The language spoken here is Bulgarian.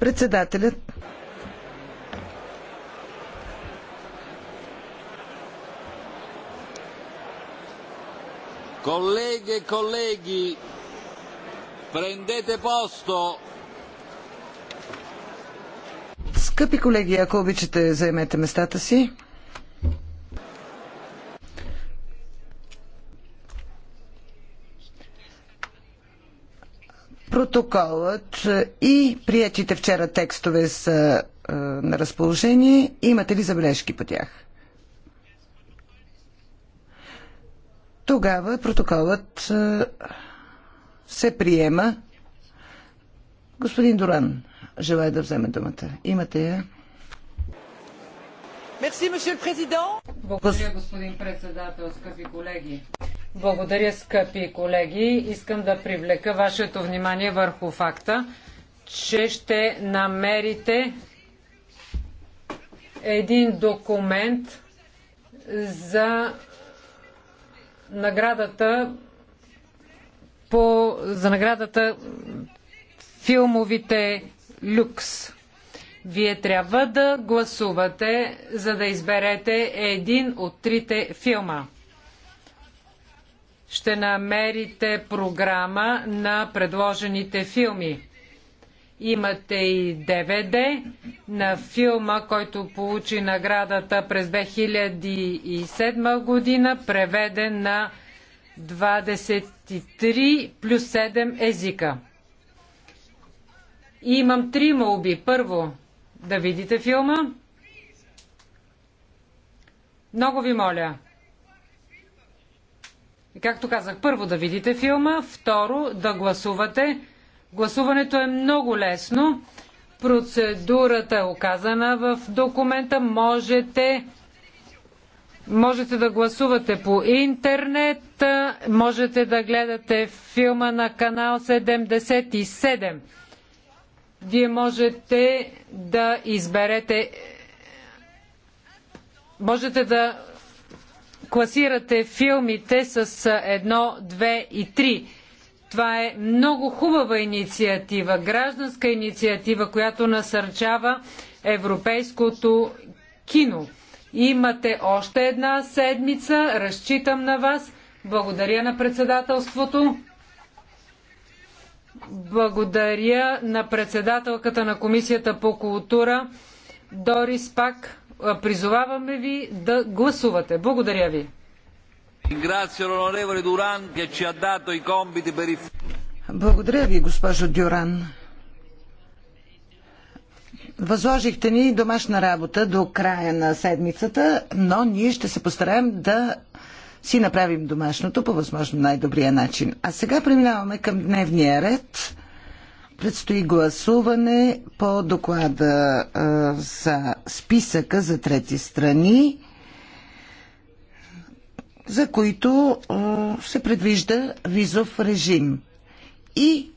Председателят Колеги, колеги, colleghi, prendete posto. Скъпи колеги, ако обичате, заемете местата си. Протоколът е, и приятите вчера текстове са е, на разположение. Имате ли забележки по тях? Тогава протоколът е, се приема. Господин Доран, желая да вземе думата. Имате я. Благодаря, господин председател, скъпи колеги. Благодаря, скъпи колеги. Искам да привлека вашето внимание върху факта, че ще намерите един документ за наградата по, за наградата филмовите люкс. Вие трябва да гласувате, за да изберете един от трите филма ще намерите програма на предложените филми. Имате и ДВД на филма, който получи наградата през 2007 година, преведен на 23 плюс 7 езика. И имам три молби. Първо, да видите филма. Много ви моля както казах, първо да видите филма, второ да гласувате. Гласуването е много лесно. Процедурата е оказана в документа. Можете, можете да гласувате по интернет, можете да гледате филма на канал 77. Вие можете да изберете. Можете да класирате филмите с 1, 2 и 3. Това е много хубава инициатива, гражданска инициатива, която насърчава европейското кино. Имате още една седмица. Разчитам на вас. Благодаря на председателството. Благодаря на председателката на Комисията по култура Дорис Пак. Призоваваме ви да гласувате. Благодаря ви. Благодаря ви, госпожо Дюран. Възложихте ни домашна работа до края на седмицата, но ние ще се постараем да си направим домашното по възможно най-добрия начин. А сега преминаваме към дневния ред. Предстои гласуване по доклада за списъка за трети страни, за които се предвижда визов режим. И